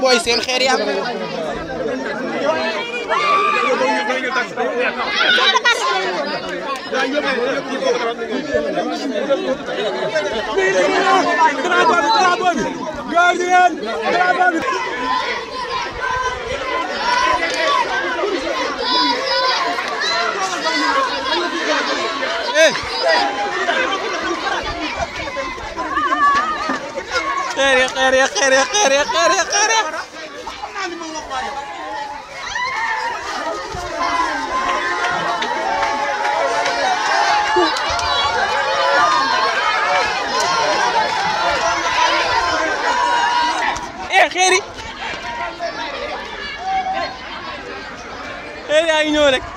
booy seen xeer yàgg na xeer ya xeer ya xeer ya xeer ya xeer ya xeer ya eh xeer yi xeer yaa ngi ñëw rek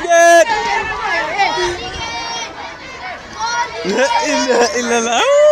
jigéen la ilaha illallah